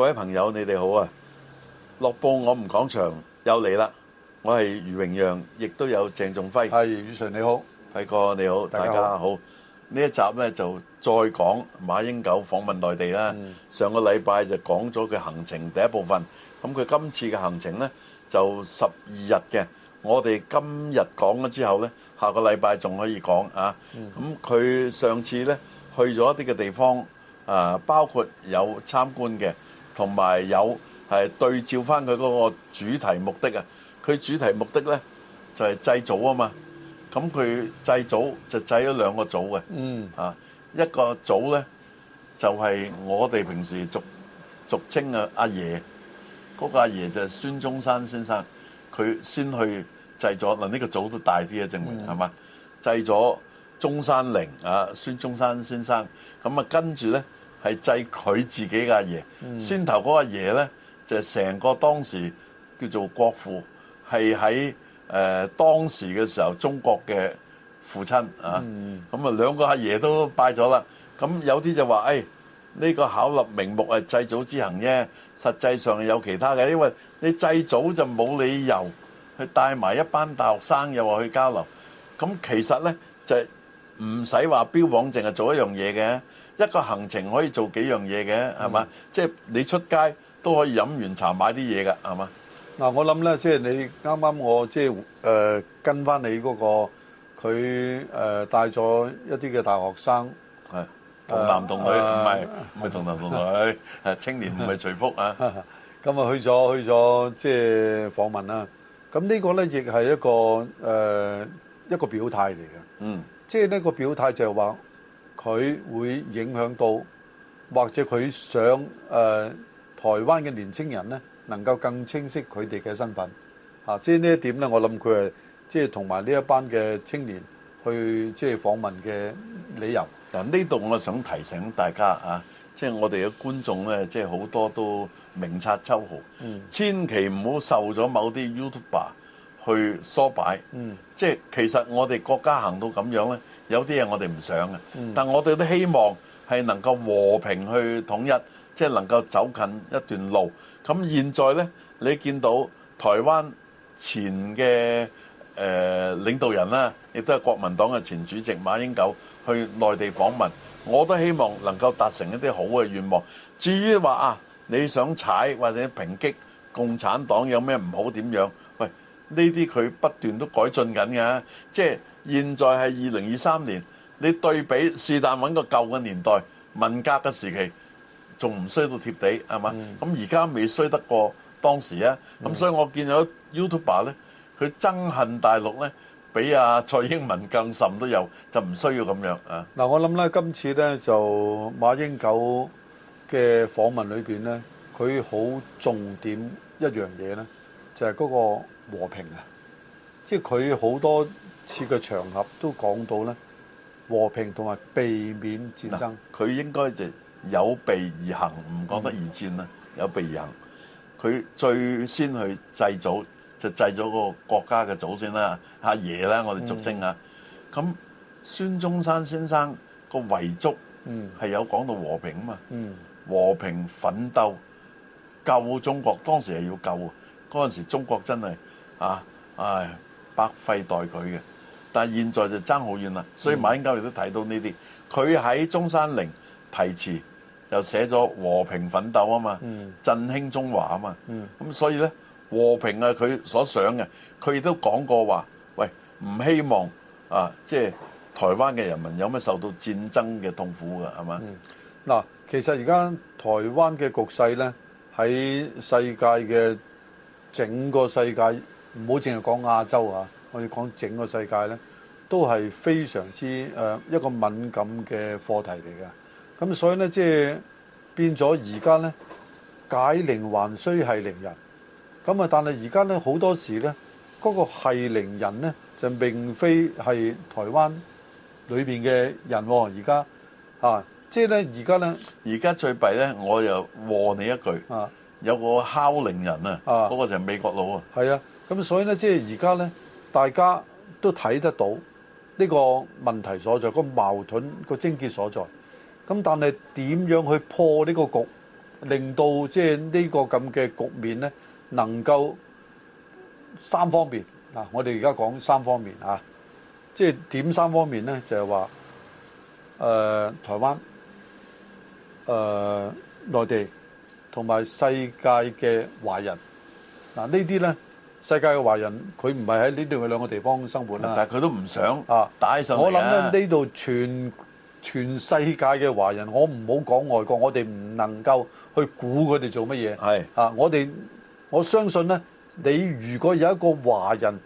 各位朋友，你哋好啊！樂報我唔講場，又嚟啦！我係余榮讓，亦都有鄭仲輝。係宇純你好，係哥，你好，大家好。呢一集呢，就再講馬英九訪問內地啦、嗯。上個禮拜就講咗佢行程第一部分，咁佢今次嘅行程呢，就十二日嘅。我哋今日講咗之後呢，下個禮拜仲可以講、嗯、啊。咁佢上次呢，去咗一啲嘅地方，啊，包括有參觀嘅。同埋有係對照翻佢嗰個主題目的啊，佢主題目的咧就係祭祖啊嘛，咁佢祭祖就祭咗兩個組嘅，啊、嗯、一個組咧就係我哋平時俗俗稱啊阿爺，嗰、那個阿爺就係孫中山先生，佢先去祭咗，嗱、這、呢個組都大啲啊，證明係嘛祭咗中山陵啊，孫中山先生，咁啊跟住咧。係祭佢自己嘅阿爺，先頭嗰個阿爺咧就係成個當時叫做國父，係喺誒當時嘅時候中國嘅父親啊，咁啊兩個阿爺都拜咗啦，咁有啲就話：誒呢個巧立名目係祭祖之行啫，實際上有其他嘅，因為你祭祖就冇理由去帶埋一班大學生又話去交流，咁其實咧就唔使話標榜，淨係做一樣嘢嘅。一個行程可以做幾樣嘢嘅，係嘛？即係你出街都可以飲完茶買啲嘢㗎，係嘛？嗱，我諗咧，即係你啱啱我即係誒跟翻你嗰個，佢誒帶咗一啲嘅大學生，係童男童女，唔係唔係童男童女，係青年唔係隨福啊。咁啊去咗去咗即係訪問啦。咁呢個咧亦係一個誒一個表態嚟嘅。嗯，即係呢個表態就係話。佢會影響到，或者佢想誒、呃、台灣嘅年青人咧，能夠更清晰佢哋嘅身份，嚇、啊，即係呢一點咧，我諗佢係即係同埋呢一班嘅青年去即係訪問嘅理由。嗱，呢度我想提醒大家啊，即係我哋嘅觀眾咧，即係好多都明察秋毫，嗯、千祈唔好受咗某啲 YouTuber 去梳擺，嗯、即係其實我哋國家行到咁樣咧。有啲嘢我哋唔想嘅，但我哋都希望係能夠和平去統一，即係能夠走近一段路。咁現在咧，你見到台灣前嘅誒領導人啦，亦都係國民黨嘅前主席馬英九去內地訪問，我都希望能夠達成一啲好嘅願望。至於話啊，你想踩或者抨擊共產黨有咩唔好點樣？喂，呢啲佢不斷都改進緊嘅，即係。現在係二零二三年，你對比是但揾個舊嘅年代，文革嘅時期，仲唔衰到貼地係嘛？咁而家未衰得過當時啊！咁、嗯、所以我見到 YouTuber 咧，佢憎恨大陸咧，比阿蔡英文更甚都有，就唔需要咁樣啊！嗱，我諗咧，今次咧就馬英九嘅訪問裏邊咧，佢好重點一樣嘢咧，就係、是、嗰個和平啊！即係佢好多。次嘅場合都講到咧，和平同埋避免戰爭，佢應該就有備而行，唔講得而戰啦、嗯。有備而行，佢最先去祭祖就祭咗個國家嘅祖先啦、啊，阿爺啦，我哋俗稱啊。咁孫中山先生個遺囑，嗯，係有講到和平啊嘛，嗯，和平奮鬥救中國，當時係要救啊。嗰時中國真係啊，唉，百廢待舉嘅。但現在就爭好遠啦，所以馬英九亦都睇到呢啲。佢喺中山陵題詞又寫咗和平奮鬥啊嘛，振興中華啊嘛。咁所以咧和平啊，佢所想嘅，佢亦都講過話，喂，唔希望啊，即係台灣嘅人民有咩受到戰爭嘅痛苦㗎，係嘛？嗱，其實而家台灣嘅局勢咧，喺世界嘅整個世界，唔好淨係講亞洲啊。我哋講整個世界咧，都係非常之、呃、一個敏感嘅課題嚟嘅。咁所以咧，即、就、係、是、變咗而家咧，解鈴還須繫鈴人。咁啊，但係而家咧好多時咧，嗰、那個係鈴人咧就並非係台灣裏面嘅人。而家啊，即係咧，而家咧，而、就、家、是、最弊咧，我又和你一句啊，有個敲鈴人啊，嗰、啊那個就係美國佬啊。係啊，咁所以咧，即係而家咧。大家都睇得到呢個問題所在，個矛盾個症結所在。咁但係點樣去破呢個局，令到即係呢個咁嘅局面咧，能夠三方面嗱，我哋而家講三方面嚇，即係點三方面咧，就係話誒台灣、誒內地同埋世界嘅華人嗱呢啲咧。世界嘅華人，佢唔係喺呢度嘅兩個地方生活啦。但係佢都唔想打起上嚟啊！我想這裡，我諗咧呢度全全世界嘅華人，我唔好講外國，我哋唔能夠去估佢哋做乜嘢。係啊，我哋我相信呢，你如果有一個華人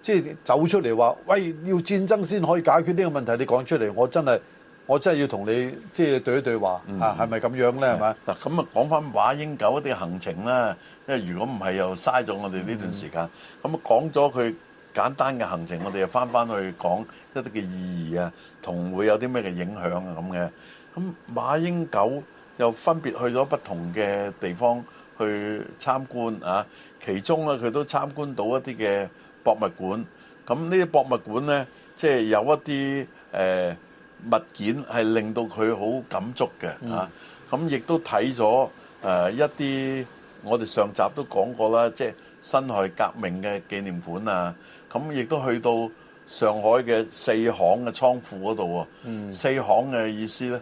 即係、就是、走出嚟話，喂，要戰爭先可以解決呢個問題，你講出嚟，我真係～我真係要同你即係對一對話嚇，係咪咁樣咧？係嘛？嗱，咁啊講翻馬英九啲行程啦，因為如果唔係又嘥咗我哋呢段時間。咁講咗佢簡單嘅行程，我哋又翻翻去講一啲嘅意義啊，同會有啲咩嘅影響啊咁嘅。咁馬英九又分別去咗不同嘅地方去參觀啊，其中啊佢都參觀到一啲嘅博物館。咁呢啲博物館咧，即係有一啲誒。物件係令到佢好感觸嘅嚇，咁亦都睇咗誒一啲我哋上集都講過啦，即係辛亥革命嘅紀念館啊，咁亦都去到上海嘅四行嘅倉庫嗰度啊。四行嘅意思呢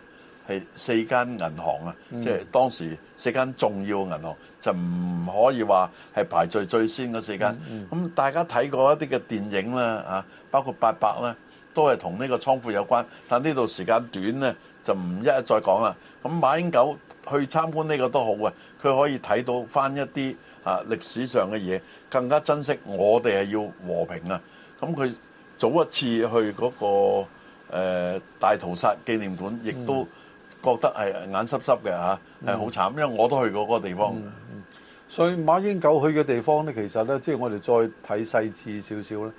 係四間銀行啊，即係當時四間重要銀行就唔可以話係排序最先嘅四間、嗯。咁、嗯、大家睇過一啲嘅電影啦嚇，包括八佰啦。都係同呢個倉庫有關，但呢度時間短呢，就唔一一再講啦。咁馬英九去參觀呢個都好嘅，佢可以睇到返一啲啊歷史上嘅嘢，更加珍惜我哋係要和平啊。咁佢早一次去嗰、嗰個、呃、大屠殺紀念館，亦都覺得係眼濕濕嘅嚇，係、嗯、好慘，因為我都去過嗰個地方、嗯嗯。所以馬英九去嘅地方呢，其實呢，即係我哋再睇細緻少少呢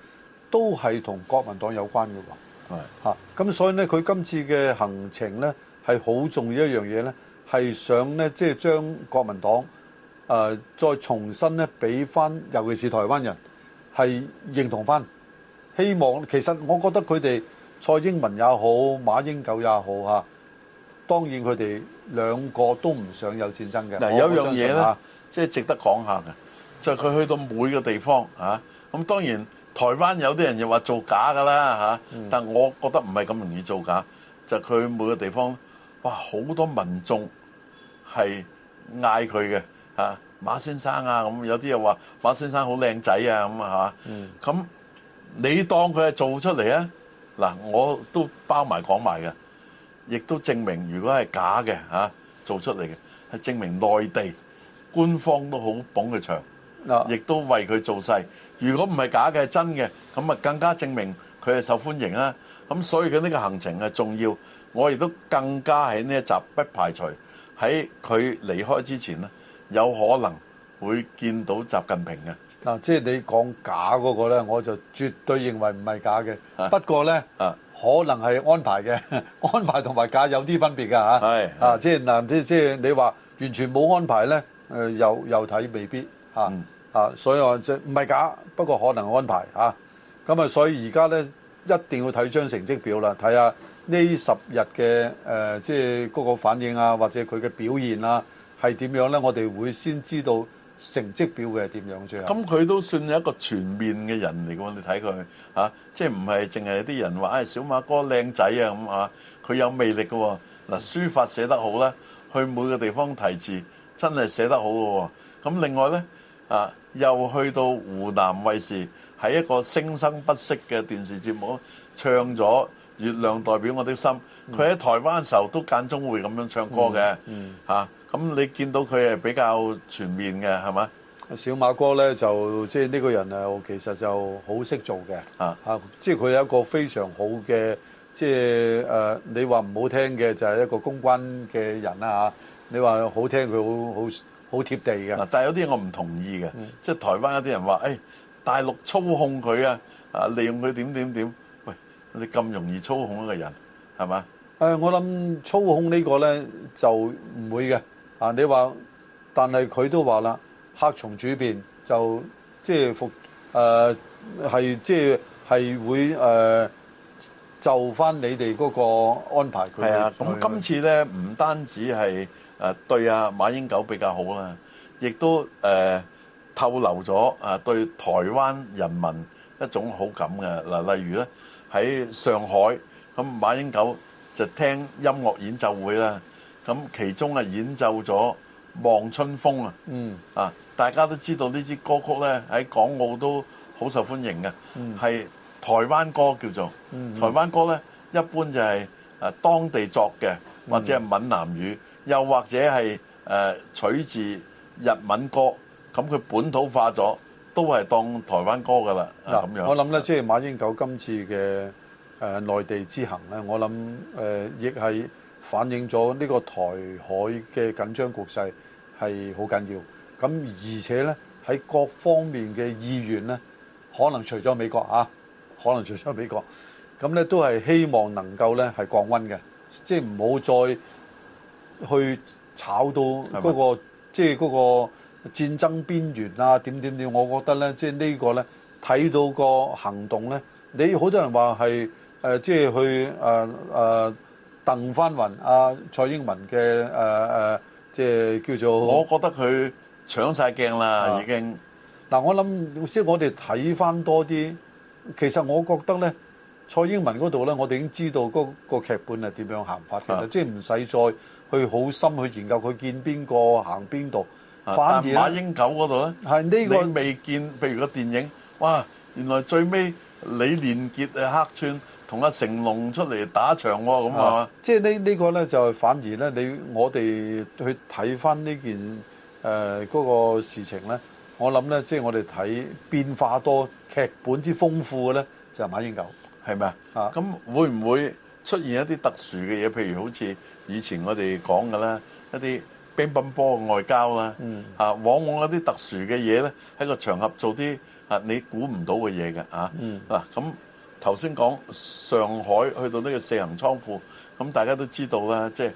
都係同國民黨有關嘅喎，嚇，咁所以呢，佢今次嘅行程呢係好重要一樣嘢呢，係想呢，即係將國民黨誒、呃、再重新呢俾翻，尤其是台灣人係認同翻。希望其實我覺得佢哋蔡英文也好，馬英九也好嚇，當然佢哋兩個都唔想有戰爭嘅。嗱，有一樣嘢咧，即係、就是、值得講下嘅，就係、是、佢去到每個地方嚇，咁、啊、當然。台灣有啲人又話做假㗎啦嚇，但係我覺得唔係咁容易做假，嗯、就佢、是、每個地方，哇好多民眾係嗌佢嘅嚇馬先生啊，咁有啲又話馬先生好靚仔啊咁啊嚇，咁、啊嗯嗯、你當佢係做出嚟啊？嗱，我都包埋講埋嘅，亦都證明如果係假嘅嚇、啊、做出嚟嘅，係證明內地官方都好捧佢場，亦、哦、都為佢做勢，如果唔係假嘅係真嘅，咁啊更加證明佢係受歡迎啦。咁所以佢呢個行程係重要，我亦都更加喺呢一集不排除喺佢離開之前呢有可能會見到習近平嘅。嗱、啊，即係你講假嗰、那個咧，我就絕對認為唔係假嘅、啊。不過咧、啊，可能係安排嘅， 安排同埋假有啲分別㗎嚇。係啊，即係嗱，即即係你話完全冇安排呢，誒、呃、又又睇未必嚇。啊嗯啊，所以話即唔係假，不過可能安排嚇。咁啊，所以而家咧一定要睇張成績表啦，睇下呢十日嘅誒即係嗰個反應啊，或者佢嘅表現啦係點樣咧，我哋會先知道成績表會係點樣先、啊。咁佢都算係一個全面嘅人嚟嘅喎，你睇佢嚇，即係唔係淨係啲人話誒、哎、小馬哥靚仔啊咁啊？佢、啊、有魅力嘅喎，嗱、啊、書法寫得好啦，去每個地方題字真係寫得好嘅喎。咁、啊、另外咧啊～又去到湖南衞視，喺一個聲生不息嘅電視節目唱咗《月亮代表我的心》。佢喺台灣時候都間中會咁樣唱歌嘅嚇。咁你見到佢係比較全面嘅，係咪？小馬哥呢就即係呢個人啊，其實就好識做嘅啊嚇。即係佢有一個非常好嘅，即係誒你話唔好聽嘅就係一個公關嘅人啦嚇。你話好聽佢好好。好貼地嘅，但係有啲我唔同意嘅、嗯，即係台灣有啲人話，誒、哎、大陸操控佢啊，啊利用佢點點點，喂，你咁容易操控一個人係咪？誒、呃，我諗操控呢個呢就唔會嘅，啊，你話，但係佢都話啦，客從主便就即係服誒係即係係會誒、呃、就返你哋嗰個安排佢。係啊，咁今次呢，唔單止係。誒對啊，馬英九比較好啦，亦都誒透露咗誒對台灣人民一種好感嘅嗱。例如咧喺上海咁，馬英九就聽音樂演奏會啦，咁其中啊演奏咗《望春風》啊，嗯啊，大家都知道呢支歌曲咧喺港澳都好受歡迎嘅，係、嗯、台灣歌叫做台灣歌咧，一般就係誒當地作嘅或者係閩南語。又或者係誒、呃、取自日文歌，咁佢本土化咗，都係當台灣歌㗎啦。嗱、yeah，我諗咧，即係馬英九今次嘅誒、呃、內地之行咧，我諗誒亦係反映咗呢個台海嘅緊張局勢係好緊要。咁而且咧喺各方面嘅意願咧，可能除咗美國嚇、啊，可能除咗美國，咁咧都係希望能夠咧係降溫嘅，即係唔好再。去炒到嗰、那個是即係嗰個戰爭邊緣啊？點點點？我覺得咧，即係呢個咧，睇到個行動咧，你好多人話係誒，即係去誒誒鄧翻雲啊！蔡英文嘅誒誒，即係叫做我覺得佢搶晒鏡啦、啊，已經、啊。嗱，我諗即係我哋睇翻多啲，其實我覺得咧。蔡英文嗰度咧，我哋已經知道嗰個劇本係點樣行法嘅，即係唔使再去好深去研究佢見邊個行邊度。反而但馬英九嗰度咧，你未見，譬如個電影哇，原來最尾李連杰啊黑串同阿成龍出嚟打場喎，咁啊，即係呢呢個咧就反而咧，你我哋去睇翻呢件誒嗰個事情咧，我諗咧即係我哋睇變化多劇本之豐富嘅咧，就係馬英九。係咪？咁、啊、會唔會出現一啲特殊嘅嘢？譬如好似以前我哋講嘅啦，一啲乒乓波外交啦、嗯，啊，往往一啲特殊嘅嘢咧，喺個場合做啲啊你估唔到嘅嘢嘅啊嗱，咁頭先講上海去到呢個四行倉庫，咁大家都知道啦，即、就、係、是、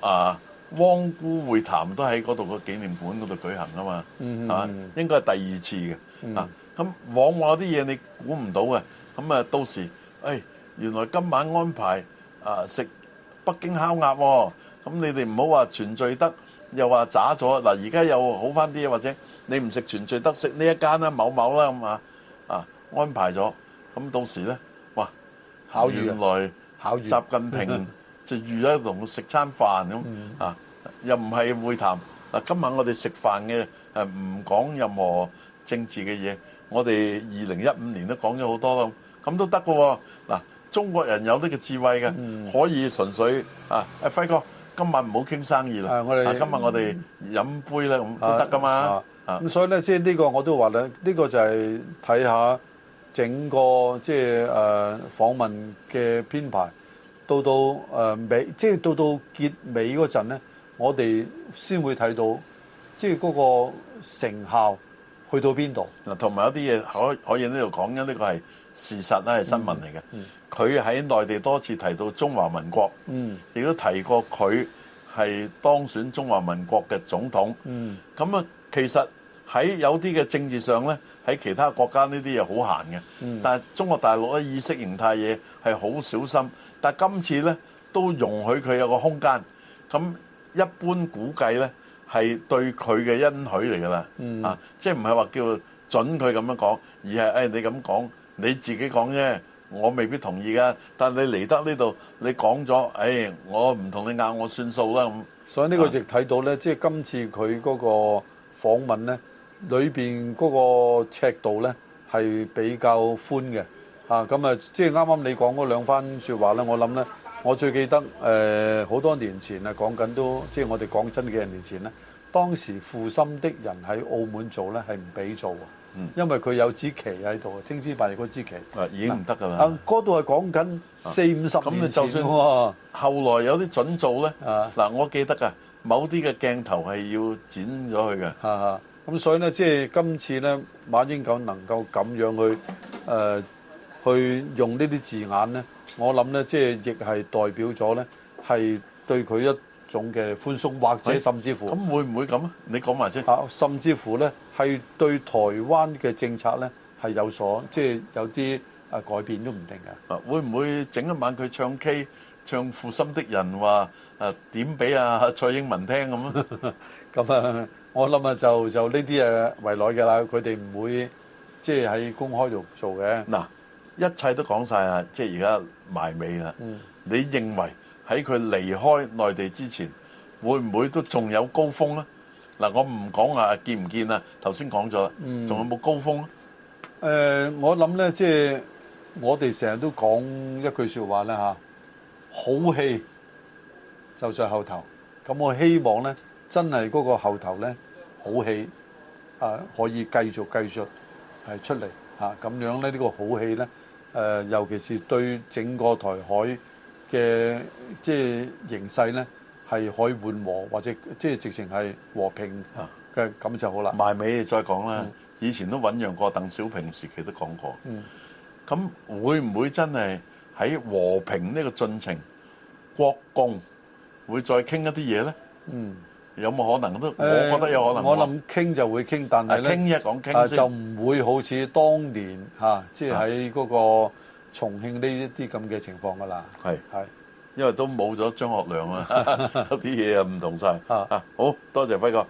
啊汪辜會談都喺嗰度個紀念館嗰度舉行噶嘛，係、嗯、嘛、嗯啊？應該係第二次嘅、啊嗯，啊咁往往有啲嘢你估唔到嘅。咁啊，到時誒，原來今晚安排啊食北京烤鴨喎，咁你哋唔好話全聚德，又話渣咗嗱，而家又好翻啲，或者你唔食全聚德，食呢一間啦某某啦咁啊，啊安排咗，咁到時咧，哇，烤魚啊，原來烤魚，習近平就預咗同佢食餐飯咁啊，又唔係會談嗱，今晚我哋食飯嘅誒唔講任何政治嘅嘢，我哋二零一五年都講咗好多啦。咁都得㗎喎，嗱，中國人有呢個智慧嘅，可以純粹啊，阿輝哥，今晚唔好傾生意啦，我哋今日我哋飲杯啦，咁都得噶嘛。咁所以咧，即係呢個我都話咧，呢個就係睇下整個即係誒訪問嘅編排，到到誒尾，即係到到結尾嗰陣咧，我哋先會睇到即係嗰個成效去到邊度。嗱，同埋一啲嘢可可以呢度講緊呢個係。事實咧係新聞嚟嘅，佢喺內地多次提到中華民國，亦、嗯、都提過佢係當選中華民國嘅總統。咁、嗯、啊，其實喺有啲嘅政治上咧，喺其他國家呢啲嘢好閒嘅、嗯，但係中國大陸嘅意識形態嘢係好小心。但係今次咧都容許佢有個空間。咁一般估計咧係對佢嘅恩許嚟㗎啦，啊，即係唔係話叫準佢咁樣講，而係誒、哎、你咁講。你自己講啫，我未必同意噶。但你嚟得呢度，你講咗，誒、哎，我唔同你拗，我算數啦咁。所以呢個亦睇到呢。嗯、即係今次佢嗰個訪問呢，裏面嗰個尺度呢，係比較寬嘅。啊，咁、嗯、啊，即係啱啱你講嗰兩番說話呢，我諗呢，我最記得誒好、呃、多年前啊，講緊都即係我哋講真幾十年前呢，當時負心的人喺澳門做呢，係唔俾做。嗯，因為佢有支旗喺度，青天白日嗰支旗，啊，已經唔得噶啦。啊，嗰度係講緊四五十年前喎。就算後來有啲準做咧。啊，嗱，我記得噶，某啲嘅鏡頭係要剪咗佢嘅。啊啊，咁所以咧，即係今次咧，馬英九能夠咁樣去，誒，去用呢啲字眼咧，我諗咧，即係亦係代表咗咧，係對佢一種嘅寬鬆，或者甚至乎咁會唔會咁啊？你講埋先。啊，甚至乎咧。係對台灣嘅政策咧，係有所即係有啲啊改變都唔定嘅。啊，會唔會整一晚佢唱 K，唱負心的人話啊點俾阿蔡英文聽咁啊？咁啊，我諗啊就就呢啲啊為內嘅啦，佢哋唔會即係喺公開度做嘅。嗱，一切都講晒啦，即係而家埋尾啦。嗯，你認為喺佢離開內地之前，會唔會都仲有高峰咧？嗱，我唔講啊，見唔見啊？頭先講咗啦，仲有冇高峯啊？誒，我諗咧，即係我哋成日都講一句説話啦嚇，好戲就在後頭。咁我希望咧，真係嗰個後頭咧，好戲啊可以繼續繼續係出嚟嚇。咁樣咧，呢個好戲咧，誒，尤其是對整個台海嘅即係形勢咧。係可以緩和，或者即係直情係和平嘅咁就好啦。埋尾再講啦，以前都醞釀過，鄧小平時期都講過。咁會唔會真係喺和平呢個進程，國共會再傾一啲嘢咧？嗯，有冇可能都？我覺得有可能。我諗傾就會傾，但係傾一講傾就唔會好似當年嚇，即係喺嗰個重慶呢一啲咁嘅情況噶啦。係係。因為都冇咗張學良啊，。 啲嘢啊，唔同晒。啊，好多謝輝哥。